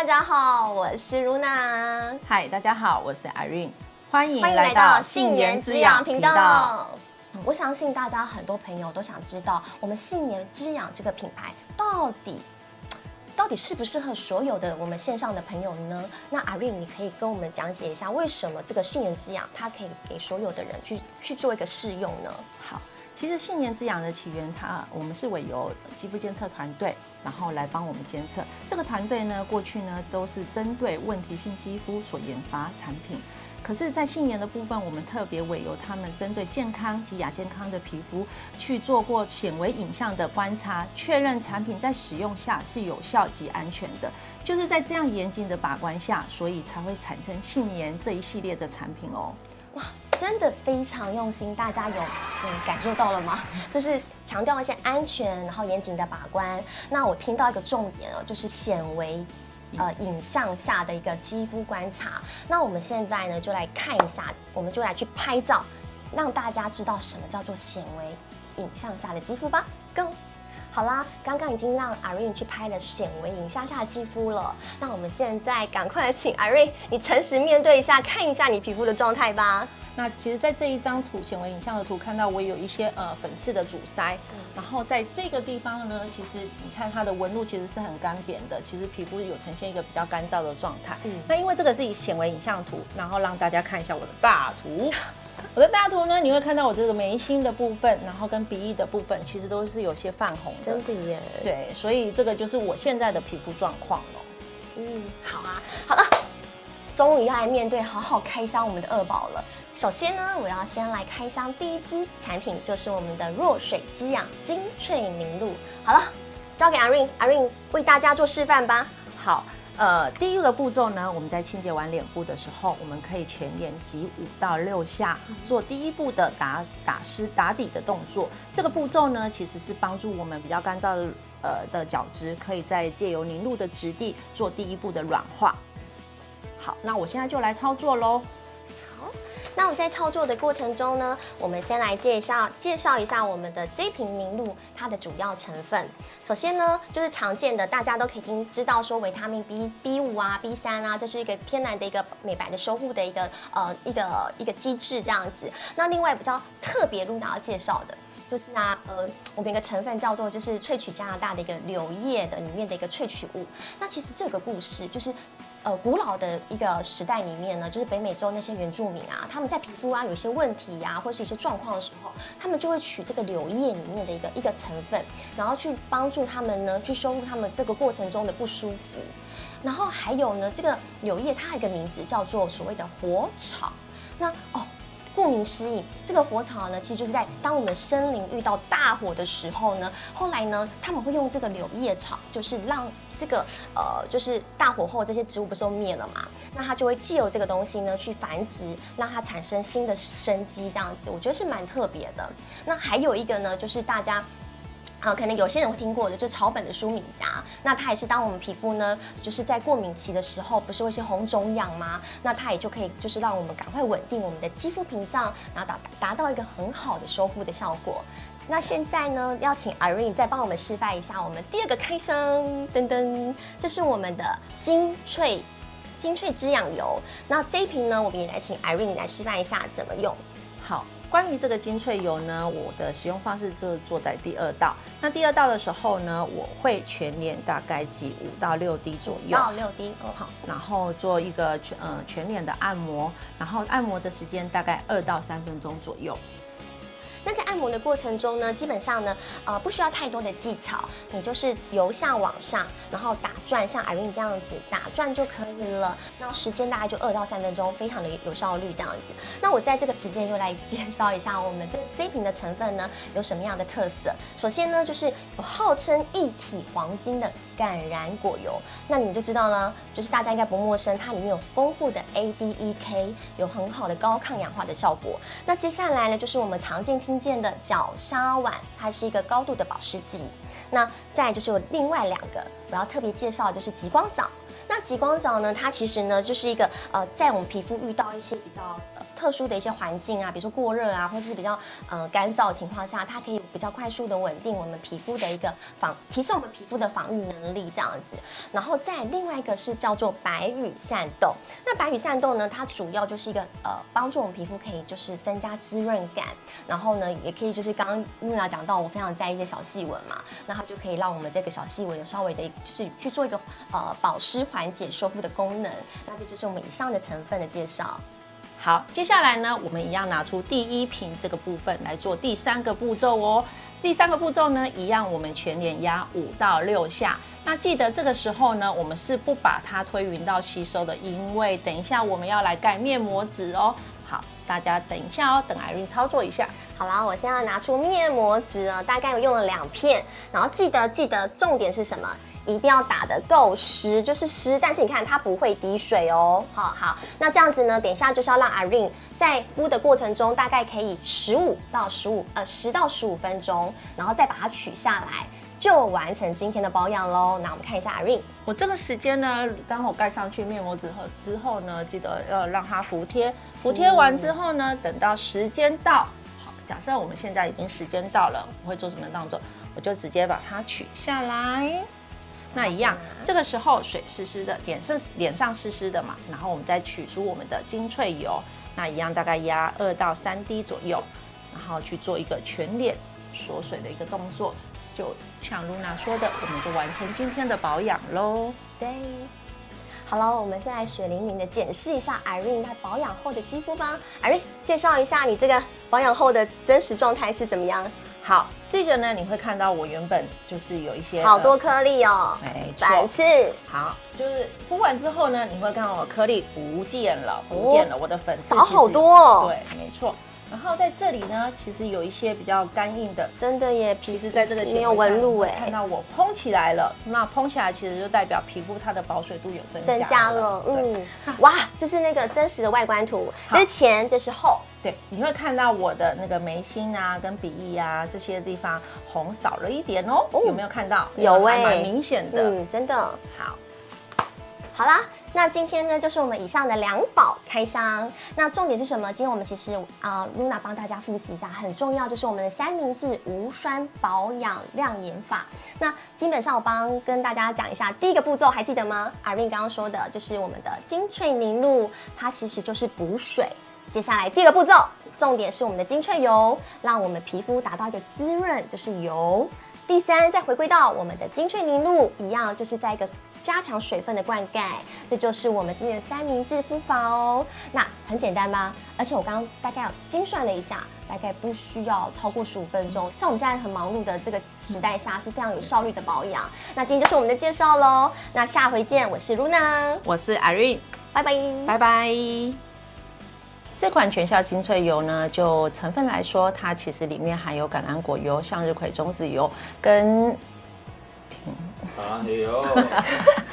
大家好，我是 Luna。嗨，大家好，我是 Irene。歡迎來到杏顏滋養、養頻道。我相信大家，很多朋友都想知道，我們杏顏滋養這個品牌到底到底適不適合所有的我們線上的朋友呢？那 Irene，你可以跟我們講解一下，為什麼這個杏顏滋養它可以給所有的人去去做一個試用呢？好。其實杏顏滋養的起源，它我們是委由肌膚監測團隊，然後來幫我們監測。這個團隊呢，過去呢都是針對問題性肌膚所研發產品。可是，在杏顏的部分，我們特別委由他們針對健康及亞健康的皮膚去做過顯微影像的觀察，確認產品在使用下是有效及安全的。就是在這樣嚴謹的把關下，所以才會產生杏顏這一系列的產品哦。真的非常用心，大家有、嗯、感受到了嗎？就是強調一些安全，然後嚴謹的把關。那我聽到一個重點，哦，就是顯微，呃，影像下的一個肌膚觀察。那我們現在呢，就來看一下，我們就來去拍照，讓大家知道什麼叫做顯微影像下的肌膚吧。Go！好啦，剛剛已經讓 Irene 去拍了顯微影像下的肌膚了，那我們現在趕快的請 Irene，你誠實面對一下，看一下你皮膚的狀態吧。那其實，在這一張圖，顯微影像的圖，看到我有一些呃粉刺的阻塞，然後在這個地方呢，其實你看它的紋路其實是很乾扁的，其實皮膚有呈現一個比較乾燥的狀態。嗯，那因為這個是以顯微影像圖，然後讓大家看一下我的大圖。我的大圖呢，你會看到我這個眉心的部分，然後跟鼻翼的部分，其實都是有些泛紅的。真的耶。對，所以這個就是我現在的皮膚狀況嘍。嗯，好啊，好了，終於要來面對好好開箱我們的二寶了。首先呢，我要先來開箱第一支產品，就是我們的若水滋養精萃凝露。好了，交給 Irene，Irene 為大家做示範吧。好。呃，第一個步驟呢，我們在清潔完臉部的時候，我們可以全臉擠五到六下，做第一步的打打濕打底的動作。這個步驟呢，其實是幫助我們比較乾燥的呃的角質，可以再借由凝露的質地做第一步的軟化。好，那我現在就來操作咯。那我們在操作的過程中呢，我們先來介紹介紹一下我們的這瓶凝露，它的主要成分。首先呢，就是常見的大家都可以知道，說維他命 B B 五啊、B 三啊，這是一個天然的一個美白的、修復的一個呃一個一個機制這樣子。那另外比較特別，露娜要介紹的，就是啊，呃，我們一個成分叫做就是萃取加拿大的一個柳葉的裡面的一個萃取物。那其實這個故事就是。呃，古老的一個時代裡面呢，就是北美洲那些原住民啊，他們在皮膚啊有一些問題啊，或是一些狀況的時候，他們就會取這個柳葉裡面的一個一個成分，然後去幫助他們呢，去修復他們這個過程中的不舒服。然後還有呢，這個柳葉它還有一個名字叫做所謂的火草。那哦，顧名思義，這個火草呢，其實就是在當我們森林遇到大火的時候呢，後來呢，他們會用這個柳葉草，就是讓。這個呃，就是大火後這些植物不是都滅了嘛？那它就會借由這個東西呢去繁殖，讓它產生新的生機，這樣子，我覺得是蠻特別的。那還有一個呢，就是大家。啊、哦，可能有些人會聽過的，就草本的舒敏佳，那它也是當我們皮膚呢，就是在過敏期的時候，不是會是紅腫癢嗎？那它也就可以，就是讓我們趕快穩定我們的肌膚屏障，然後達達到一個很好的修復的效果。那現在呢，要請 Irene 再幫我們示範一下我們第二個開箱，噔噔，這、就是我們的精萃精萃滋養油。那這一瓶呢，我們也來請 Irene 來示範一下怎麼用。好。關於這個精萃油呢，我的使用方式就是做在第二道。那第二道的時候呢，我會全臉大概擠五到六滴左右，五到六滴，哦，好，然後做一個全呃，全臉的按摩，然後按摩的時間大概二到三分鐘左右。那在按摩的過程中呢，基本上呢，呃，不需要太多的技巧，你就是由下往上，然後打轉，像 Irene 這樣子打轉就可以了。那時間大概就二到三分鐘，非常的有效率這樣子。那我在這個時間又來介紹一下我們這這瓶的成分呢，有什麼樣的特色。首先呢，就是有號稱液體黃金的橄欖果油，那你們就知道了，就是大家應該不陌生，它裡面有豐富的 AD E K，有很好的高抗氧化的效果。那接下來呢，就是我們常見。新建的角鯊烷，它是一個高度的保濕劑。那再就是有另外兩個，我要特別介紹的就是極光藻。那極光藻呢，它其實呢就是一個呃，在我們皮膚遇到一些比較。呃特殊的一些環境啊，比如說過熱啊，或者是比較呃乾燥情況下，它可以比較快速的穩定我們皮膚的一個防，提升我們皮膚的防禦能力這樣子。然後再另外一個是叫做白羽扇豆，那白羽扇豆呢，它主要就是一個呃幫助我們皮膚可以就是增加滋潤感，然後呢也可以就是剛剛露娜講到我非常在意一些小細紋嘛，那它就可以讓我們這個小細紋有稍微的就是去做一個呃保濕、緩解、修復的功能。那這就是我們以上的成分的介紹。好，接下來呢，我們一樣拿出第一瓶這個部分來做第三個步驟哦。第三個步驟呢，一樣我們全臉壓五到六下。那記得這個時候呢，我們是不把它推勻到吸收的，因為等一下我們要來蓋面膜紙哦。好，大家等一下哦，等 Irene 操作一下。好啦，我現在拿出面膜紙了，大概用了兩片，然後記得記得重點是什麼？一定要打得夠濕，就是濕，但是你看它不會滴水哦。好好，那這樣子呢，等一下就是要讓阿 Rin 在敷的過程中，大概可以十五到十五，呃，十到十五分鐘，然後再把它取下來，就完成今天的保養嘍。那我們看一下阿 Rin，我這個時間呢，當我蓋上去面膜之後之後呢，記得要讓它服帖，服帖完之後呢，等到時間到。假設我們現在已經時間到了，我會做什麼動作？我就直接把它取下來。那一樣，這個時候水濕濕的，臉上臉上濕濕的嘛，然後我們再取出我們的精萃油，那一樣大概壓二到三滴左右，然後去做一個全臉鎖水的一個動作。就像露娜說的，我們就完成今天的保養嘍。對。好了，我們現在血淋淋的檢視一下 Irene 她保養後的肌膚吧。Irene，介紹一下你這個保養後的真實狀態是怎麼樣？好，這個呢，你會看到我原本就是有一些好多顆粒哦，沒、哎、錯，粉刺。好，就是敷完之後呢，你會看到我顆粒不見了，不、哦、見了，我的粉刺少好多、哦，對，沒錯。然後在這裡呢，其實有一些比較乾硬的，真的耶。皮其實在這個沒有紋路哎，看到我膨起來了，那膨起來其實就代表皮膚它的保水度有增加了。增加了，嗯，哇，這是那個真實的外觀圖，之前這是後。對，你會看到我的那個眉心啊，跟鼻翼啊這些地方紅少了一點哦，哦，有沒有看到？有哎、欸，明顯的，嗯，真的。好，好啦。那今天呢，就是我們以上的兩寶開箱。那重點是什麼？今天我們其實啊，呃，Luna 幫大家複習一下，很重要就是我們的三明治無酸保養亮眼法。那基本上我幫跟大家講一下，第一個步驟還記得嗎？Irene 剛剛說的就是我們的精萃凝露，它其實就是補水。接下來第二個步驟，重點是我們的精萃油，讓我們皮膚達到一個滋潤，就是油。第三，再回歸到我們的精粹凝露，一樣就是在一個加強水分的灌溉，這就是我們今天的三明治敷法哦。那很簡單吧？而且我剛剛大概有精算了一下，大概不需要超過十五分鐘。像我們現在很忙碌的這個時代下，是非常有效率的保養。那今天就是我們的介紹嘍。那下回見，我是 Luna，我是 Irene，拜拜，拜拜。Bye bye 這款全效精萃油呢，就成分來說，它其實裡面含有橄欖果油、向日葵種子油跟啥油？停啊